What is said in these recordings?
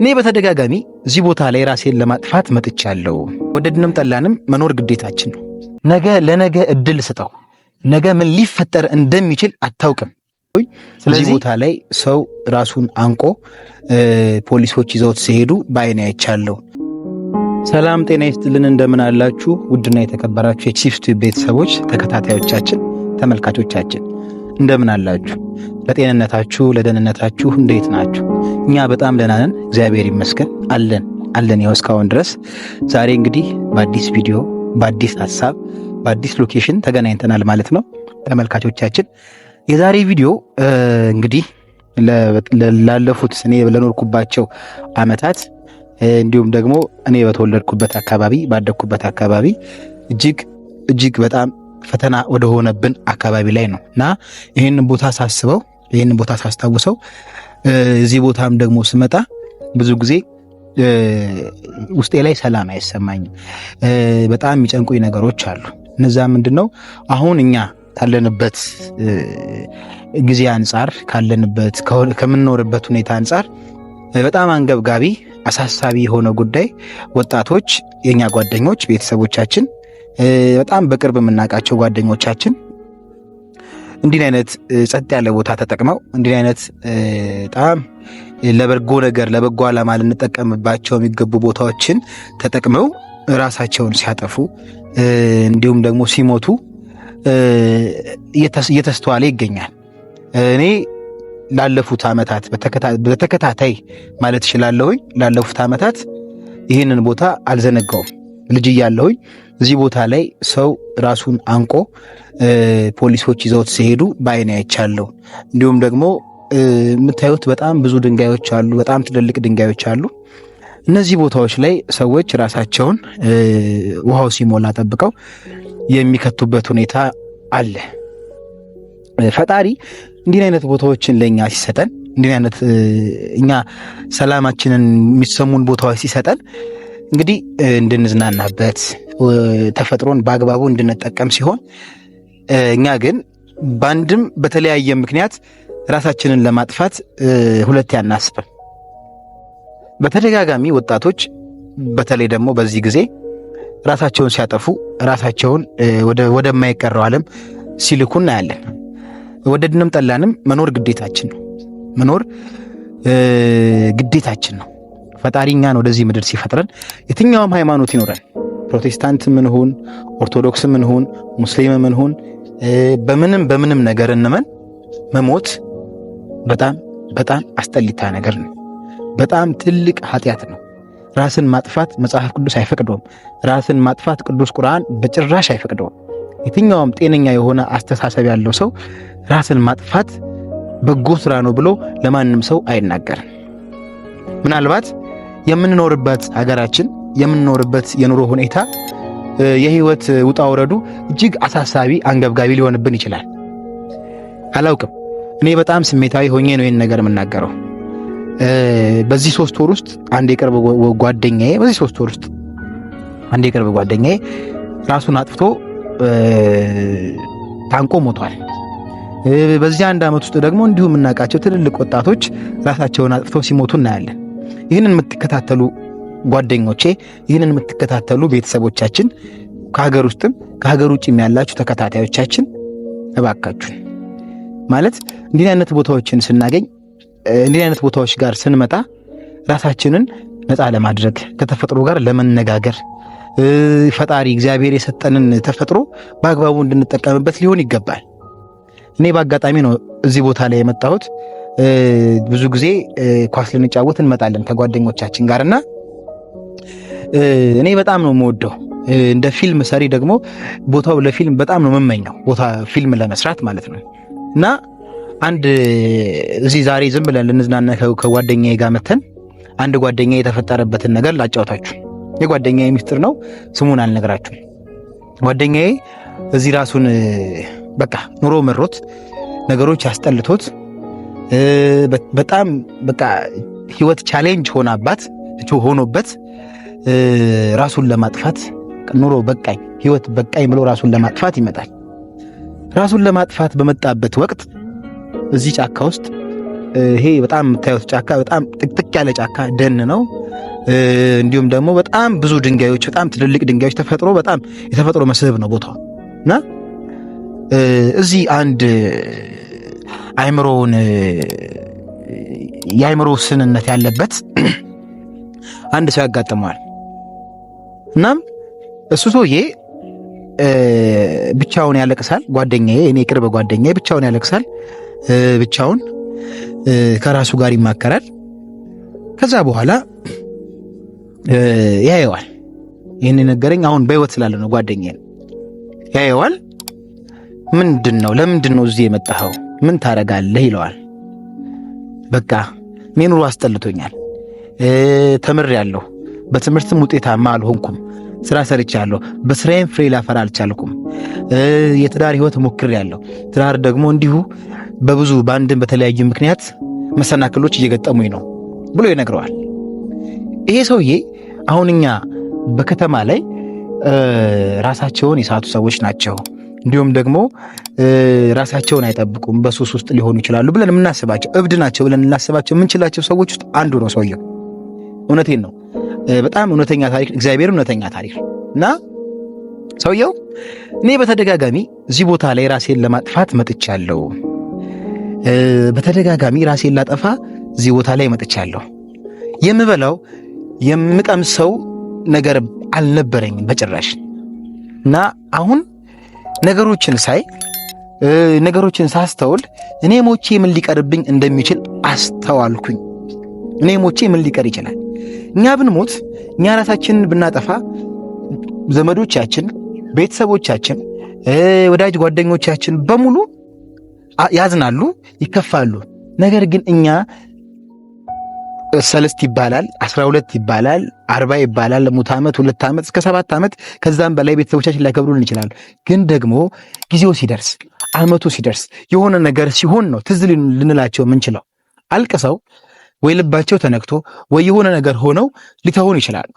እኔ በተደጋጋሚ እዚህ ቦታ ላይ ራሴን ለማጥፋት መጥቻለሁ። ወደድንም ጠላንም መኖር ግዴታችን ነው። ነገ ለነገ እድል ስጠው። ነገ ምን ሊፈጠር እንደሚችል አታውቅም። ስለዚህ ቦታ ላይ ሰው ራሱን አንቆ ፖሊሶች ይዘውት ሲሄዱ በአይን አይቻለሁ። ሰላም ጤና ይስጥልን፣ እንደምን አላችሁ? ውድና የተከበራችሁ የቺፕስ ቤተሰቦች ተከታታዮቻችን፣ ተመልካቾቻችን እንደምን አላችሁ? ለጤንነታችሁ ለደህንነታችሁ እንዴት ናችሁ? እኛ በጣም ደህና ነን፣ እግዚአብሔር ይመስገን አለን አለን ያው እስካሁን ድረስ። ዛሬ እንግዲህ በአዲስ ቪዲዮ፣ በአዲስ ሀሳብ፣ በአዲስ ሎኬሽን ተገናኝተናል ማለት ነው ተመልካቾቻችን። የዛሬ ቪዲዮ እንግዲህ ላለፉት እኔ ለኖርኩባቸው አመታት እንዲሁም ደግሞ እኔ በተወለድኩበት አካባቢ ባደግኩበት አካባቢ እጅግ እጅግ በጣም ፈተና ወደሆነብን አካባቢ ላይ ነው እና ይህንን ቦታ ሳስበው ይህንን ቦታ ሳስታውሰው እዚህ ቦታም ደግሞ ስመጣ ብዙ ጊዜ ውስጤ ላይ ሰላም አይሰማኝም። በጣም የሚጨንቁኝ ነገሮች አሉ። እነዛ ምንድን ነው? አሁን እኛ ካለንበት ጊዜ አንጻር ካለንበት ከምንኖርበት ሁኔታ አንጻር በጣም አንገብጋቢ አሳሳቢ የሆነ ጉዳይ ወጣቶች፣ የእኛ ጓደኞች፣ ቤተሰቦቻችን፣ በጣም በቅርብ የምናውቃቸው ጓደኞቻችን እንዲህ አይነት ጸጥ ያለ ቦታ ተጠቅመው እንዲህ አይነት በጣም ለበጎ ነገር ለበጎ ዓላማ ልንጠቀምባቸው የሚገቡ ቦታዎችን ተጠቅመው ራሳቸውን ሲያጠፉ እንዲሁም ደግሞ ሲሞቱ እየተስተዋለ ይገኛል። እኔ ላለፉት ዓመታት በተከታታይ ማለት እችላለሁኝ ላለፉት ዓመታት ይህንን ቦታ አልዘነጋውም። ልጅ እያለሁኝ እዚህ ቦታ ላይ ሰው ራሱን አንቆ ፖሊሶች ይዘውት ሲሄዱ በአይን አይቻለሁ። እንዲሁም ደግሞ የምታዩት በጣም ብዙ ድንጋዮች አሉ፣ በጣም ትልልቅ ድንጋዮች አሉ። እነዚህ ቦታዎች ላይ ሰዎች ራሳቸውን ውሃው ሲሞላ ጠብቀው የሚከቱበት ሁኔታ አለ። ፈጣሪ እንዲህ አይነት ቦታዎችን ለእኛ ሲሰጠን እንዲህ አይነት እኛ ሰላማችንን የሚሰሙን ቦታዎች ሲሰጠን እንግዲህ እንድንዝናናበት ተፈጥሮን በአግባቡ እንድንጠቀም ሲሆን እኛ ግን በአንድም በተለያየ ምክንያት ራሳችንን ለማጥፋት ሁለት አናስብም። በተደጋጋሚ ወጣቶች በተለይ ደግሞ በዚህ ጊዜ ራሳቸውን ሲያጠፉ ራሳቸውን ወደማይቀረው ዓለም ሲልኩ እናያለን። ወደድንም ጠላንም መኖር ግዴታችን ነው። መኖር ግዴታችን ነው። ፈጣሪ እኛን ወደዚህ ምድር ሲፈጥረን የትኛውም ሃይማኖት ይኖረን ፕሮቴስታንት ምንሁን፣ ኦርቶዶክስ ምንሁን፣ ሙስሊም ምንሁን፣ በምንም በምንም ነገር እንመን መሞት በጣም በጣም አስጠሊታ ነገር ነው። በጣም ትልቅ ኃጢአት ነው። ራስን ማጥፋት መጽሐፍ ቅዱስ አይፈቅደውም። ራስን ማጥፋት ቅዱስ ቁርአን በጭራሽ አይፈቅደውም። የትኛውም ጤነኛ የሆነ አስተሳሰብ ያለው ሰው ራስን ማጥፋት በጎ ስራ ነው ብሎ ለማንም ሰው አይናገርም። ምናልባት የምንኖርበት ሀገራችን የምንኖርበት የኑሮ ሁኔታ የህይወት ውጣ ውረዱ እጅግ አሳሳቢ አንገብጋቢ ሊሆንብን ይችላል። አላውቅም። እኔ በጣም ስሜታዊ ሆኜ ነው ይህን ነገር የምናገረው። በዚህ ሶስት ወር ውስጥ አንድ የቅርብ ጓደኛዬ በዚህ ሶስት ወር ውስጥ አንድ የቅርብ ጓደኛዬ ራሱን አጥፍቶ ታንቆ ሞቷል። በዚህ አንድ ዓመት ውስጥ ደግሞ እንዲሁ የምናውቃቸው ትልልቅ ወጣቶች ራሳቸውን አጥፍቶ ሲሞቱ እናያለን። ይህንን የምትከታተሉ ጓደኞቼ፣ ይህንን የምትከታተሉ ቤተሰቦቻችን፣ ከሀገር ውስጥም ከሀገር ውጭም ያላችሁ ተከታታዮቻችን እባካችሁን ማለት እንዲህ አይነት ቦታዎችን ስናገኝ እንዲህ አይነት ቦታዎች ጋር ስንመጣ ራሳችንን ነፃ ለማድረግ ከተፈጥሮ ጋር ለመነጋገር ፈጣሪ እግዚአብሔር የሰጠንን ተፈጥሮ በአግባቡ እንድንጠቀምበት ሊሆን ይገባል። እኔ በአጋጣሚ ነው እዚህ ቦታ ላይ የመጣሁት። ብዙ ጊዜ ኳስ ልንጫወት እንመጣለን ከጓደኞቻችን ጋር እና እኔ በጣም ነው የምወደው። እንደ ፊልም ሰሪ ደግሞ ቦታው ለፊልም በጣም ነው የምመኘው ቦታ ፊልም ለመስራት ማለት ነው። እና አንድ እዚህ ዛሬ ዝም ብለን ልንዝናና ከጓደኛዬ ጋር መተን አንድ ጓደኛ የተፈጠረበትን ነገር ላጫወታችሁ። የጓደኛዬ ሚስጥር ነው፣ ስሙን አልነግራችሁም። ጓደኛዬ እዚህ ራሱን በቃ ኑሮ መሮት ነገሮች ያስጠልቶት በጣም በቃ ህይወት ቻሌንጅ ሆናባት ሆኖበት ራሱን ለማጥፋት ኑሮ በቃኝ ህይወት በቃኝ ብሎ ራሱን ለማጥፋት ይመጣል። ራሱን ለማጥፋት በመጣበት ወቅት እዚህ ጫካ ውስጥ ይሄ በጣም የምታዩት ጫካ በጣም ጥቅጥቅ ያለ ጫካ ደን ነው። እንዲሁም ደግሞ በጣም ብዙ ድንጋዮች፣ በጣም ትልልቅ ድንጋዮች ተፈጥሮ በጣም የተፈጥሮ መስህብ ነው ቦታው እና እዚህ አንድ አይምሮውን የአይምሮ ውስንነት ያለበት አንድ ሰው ያጋጥመዋል። እናም እሱ ሰውዬ ብቻውን ያለቅሳል። ጓደኛዬ እኔ ቅርብ ጓደኛዬ ብቻውን ያለቅሳል። ብቻውን ከራሱ ጋር ይማከራል። ከዛ በኋላ ያየዋል። ይህን ነገረኝ አሁን በህይወት ስላለ ነው ጓደኛዬ ያየዋል። ምንድን ነው ለምንድን ነው እዚህ የመጣኸው ምን ታረጋለህ ይለዋል። በቃ ሜኑሩ አስጠልቶኛል፣ ተምሬያለሁ፣ በትምህርትም ውጤታማ አልሆንኩም፣ ስራ ሰርቻለሁ፣ በስራዬም ፍሬ ላፈራ አልቻልኩም፣ የትዳር ህይወት ሞክሬያለሁ። ትዳር ደግሞ እንዲሁ በብዙ በአንድም በተለያዩ ምክንያት መሰናክሎች እየገጠሙኝ ነው ብሎ ይነግረዋል። ይሄ ሰውዬ አሁን እኛ በከተማ ላይ ራሳቸውን የሳቱ ሰዎች ናቸው እንዲሁም ደግሞ ራሳቸውን አይጠብቁም፣ በሱስ ውስጥ ሊሆኑ ይችላሉ ብለን የምናስባቸው እብድ ናቸው ብለን ልናስባቸው የምንችላቸው ሰዎች ውስጥ አንዱ ነው ሰውየው። እውነቴን ነው። በጣም እውነተኛ ታሪክ፣ እግዚአብሔር እውነተኛ ታሪክ እና ሰውየው እኔ በተደጋጋሚ እዚህ ቦታ ላይ ራሴን ለማጥፋት መጥቻለሁ፣ በተደጋጋሚ ራሴን ላጠፋ እዚህ ቦታ ላይ መጥቻለሁ። የምበላው የምቀምሰው ነገር አልነበረኝም በጭራሽ እና አሁን ነገሮችን ሳይ ነገሮችን ሳስተውል እኔ ሞቼ ምን ሊቀርብኝ እንደሚችል አስተዋልኩኝ። እኔ ሞቼ ምን ሊቀር ይችላል? እኛ ብንሞት፣ እኛ ራሳችንን ብናጠፋ ዘመዶቻችን፣ ቤተሰቦቻችን፣ ወዳጅ ጓደኞቻችን በሙሉ ያዝናሉ፣ ይከፋሉ። ነገር ግን እኛ ሰለስት ይባላል፣ አስራ ሁለት ይባላል፣ አርባ ይባላል። ለሙት ዓመት ሁለት ዓመት እስከ ሰባት ዓመት ከዛም በላይ ቤተሰቦቻችን ሊያከብሩልን ይችላሉ። ግን ደግሞ ጊዜው ሲደርስ ዓመቱ ሲደርስ የሆነ ነገር ሲሆን ነው ትዝ ልንላቸው የምንችለው። አልቅሰው ወይ ልባቸው ተነክቶ ወይ የሆነ ነገር ሆነው ሊተውን ይችላሉ።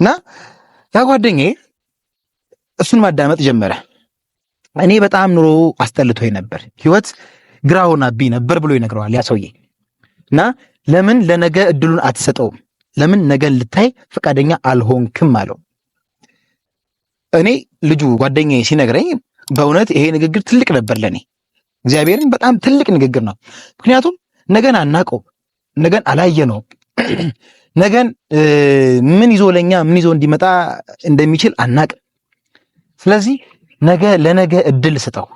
እና ያ ጓደኛዬ እሱን ማዳመጥ ጀመረ። እኔ በጣም ኑሮ አስጠልቶኝ ነበር፣ ህይወት ግራ አቢ ነበር ብሎ ይነግረዋል ያ ሰውዬ እና ለምን ለነገ እድሉን አትሰጠውም? ለምን ነገን ልታይ ፈቃደኛ አልሆንክም አለው። እኔ ልጁ ጓደኛዬ ሲነግረኝ በእውነት ይሄ ንግግር ትልቅ ነበር ለእኔ። እግዚአብሔርን በጣም ትልቅ ንግግር ነው። ምክንያቱም ነገን አናቀው፣ ነገን ነው። ነገን ምን ይዞ ለኛ ምን ይዞ እንዲመጣ እንደሚችል አናቅም። ስለዚህ ነገ ለነገ እድል ስጠው።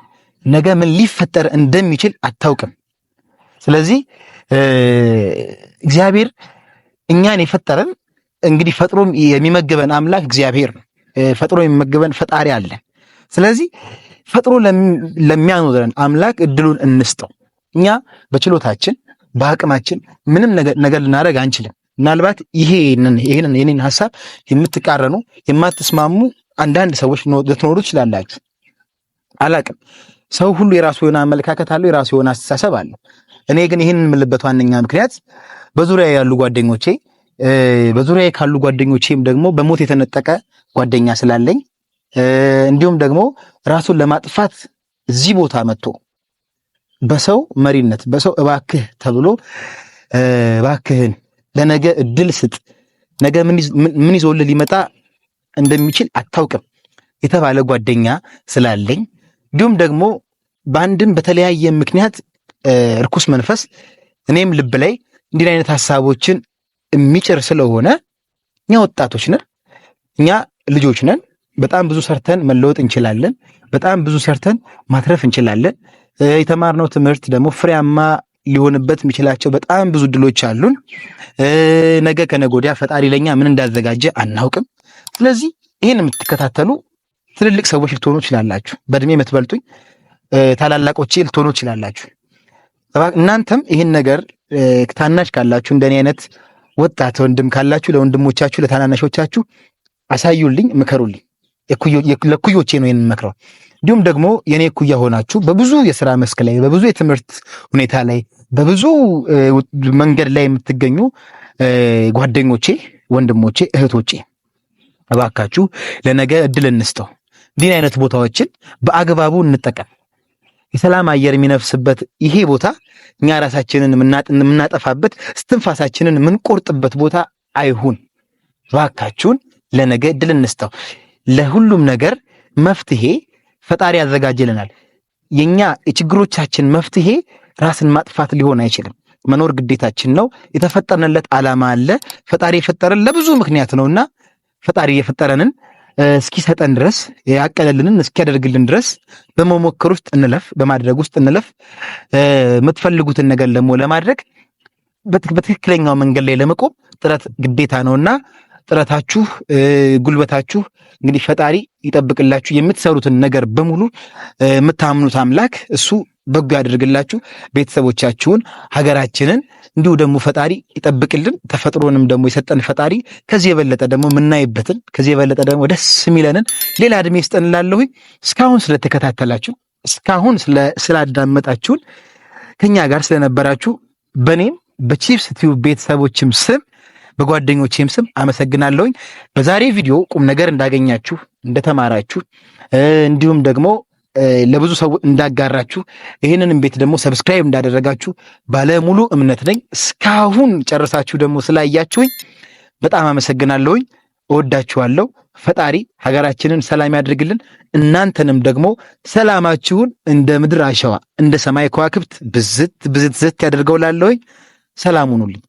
ነገ ምን ሊፈጠር እንደሚችል አታውቅም። ስለዚህ እግዚአብሔር እኛን የፈጠረን እንግዲህ ፈጥሮ የሚመግበን አምላክ እግዚአብሔር ነው። ፈጥሮ የሚመግበን ፈጣሪ አለ። ስለዚህ ፈጥሮ ለሚያኖረን አምላክ እድሉን እንስጠው። እኛ በችሎታችን በአቅማችን ምንም ነገር ልናደርግ አንችልም። ምናልባት ይሄንን የኔን ሀሳብ የምትቃረኑ የማትስማሙ አንዳንድ ሰዎች ልትኖሩ ትችላላችሁ። አላቅም። ሰው ሁሉ የራሱ የሆነ አመለካከት አለው፣ የራሱ የሆነ አስተሳሰብ አለው። እኔ ግን ይህን የምልበት ዋነኛ ምክንያት በዙሪያ ያሉ ጓደኞቼ በዙሪያ ካሉ ጓደኞቼም ደግሞ በሞት የተነጠቀ ጓደኛ ስላለኝ እንዲሁም ደግሞ ራሱን ለማጥፋት እዚህ ቦታ መጥቶ በሰው መሪነት በሰው እባክህ ተብሎ እባክህን ለነገ እድል ስጥ፣ ነገ ምን ይዞልህ ሊመጣ እንደሚችል አታውቅም የተባለ ጓደኛ ስላለኝ እንዲሁም ደግሞ በአንድም በተለያየ ምክንያት እርኩስ መንፈስ እኔም ልብ ላይ እንዲህ አይነት ሀሳቦችን የሚጭር ስለሆነ እኛ ወጣቶች ነን፣ እኛ ልጆች ነን። በጣም ብዙ ሰርተን መለወጥ እንችላለን። በጣም ብዙ ሰርተን ማትረፍ እንችላለን። የተማርነው ትምህርት ደግሞ ፍሬያማ ሊሆንበት የሚችላቸው በጣም ብዙ ድሎች አሉን። ነገ ከነገ ወዲያ ፈጣሪ ለኛ ምን እንዳዘጋጀ አናውቅም። ስለዚህ ይህን የምትከታተሉ ትልልቅ ሰዎች ልትሆኑ ይችላላችሁ። በእድሜ የምትበልጡኝ ታላላቆቼ ልትሆኑ ይችላላችሁ። እናንተም ይህን ነገር ታናሽ ካላችሁ እንደኔ አይነት ወጣት ወንድም ካላችሁ ለወንድሞቻችሁ ለታናናሾቻችሁ አሳዩልኝ፣ ምከሩልኝ። ለኩዮቼ ነው ይህን መክረው። እንዲሁም ደግሞ የኔ እኩያ ሆናችሁ በብዙ የስራ መስክ ላይ በብዙ የትምህርት ሁኔታ ላይ በብዙ መንገድ ላይ የምትገኙ ጓደኞቼ፣ ወንድሞቼ፣ እህቶቼ እባካችሁ ለነገ እድል እንስጠው። እንዲህን አይነት ቦታዎችን በአግባቡ እንጠቀም። የሰላም አየር የሚነፍስበት ይሄ ቦታ እኛ ራሳችንን የምናጠፋበት እስትንፋሳችንን የምንቆርጥበት ቦታ አይሁን። እባካችሁን ለነገ ድል እንስጠው። ለሁሉም ነገር መፍትሄ ፈጣሪ ያዘጋጅልናል። የኛ የችግሮቻችን መፍትሄ ራስን ማጥፋት ሊሆን አይችልም። መኖር ግዴታችን ነው። የተፈጠርንለት ዓላማ አለ። ፈጣሪ የፈጠረን ለብዙ ምክንያት ነውና ፈጣሪ የፈጠረንን እስኪሰጠን ድረስ ያቀለልንን እስኪያደርግልን ድረስ በመሞከር ውስጥ እንለፍ፣ በማድረግ ውስጥ እንለፍ። የምትፈልጉትን ነገር ደግሞ ለማድረግ በትክክለኛው መንገድ ላይ ለመቆም ጥረት ግዴታ ነውና ጥረታችሁ፣ ጉልበታችሁ እንግዲህ ፈጣሪ ይጠብቅላችሁ። የምትሰሩትን ነገር በሙሉ የምታምኑት አምላክ እሱ በጎ ያደርግላችሁ። ቤተሰቦቻችሁን፣ ሀገራችንን እንዲሁ ደግሞ ፈጣሪ ይጠብቅልን። ተፈጥሮንም ደግሞ የሰጠን ፈጣሪ ከዚህ የበለጠ ደግሞ የምናይበትን ከዚህ የበለጠ ደግሞ ደስ የሚለንን ሌላ እድሜ ይስጠን እላለሁኝ። እስካሁን ስለተከታተላችሁ፣ እስካሁን ስላዳመጣችሁን፣ ከኛ ጋር ስለነበራችሁ በእኔም በቺፕስ ቲዩብ ቤተሰቦችም ስም በጓደኞቼም ስም አመሰግናለሁኝ። በዛሬ ቪዲዮ ቁም ነገር እንዳገኛችሁ እንደተማራችሁ እንዲሁም ደግሞ ለብዙ ሰው እንዳጋራችሁ ይህንንም ቤት ደግሞ ሰብስክራይብ እንዳደረጋችሁ ባለሙሉ እምነት ነኝ። እስካሁን ጨርሳችሁ ደግሞ ስላያችሁኝ በጣም አመሰግናለሁኝ። እወዳችኋለሁ። ፈጣሪ ሀገራችንን ሰላም ያድርግልን። እናንተንም ደግሞ ሰላማችሁን እንደ ምድር አሸዋ እንደ ሰማይ ከዋክብት ብዝት ብዝት ዝት ያደርገው ላለሁኝ ሰላም ሁኑልኝ።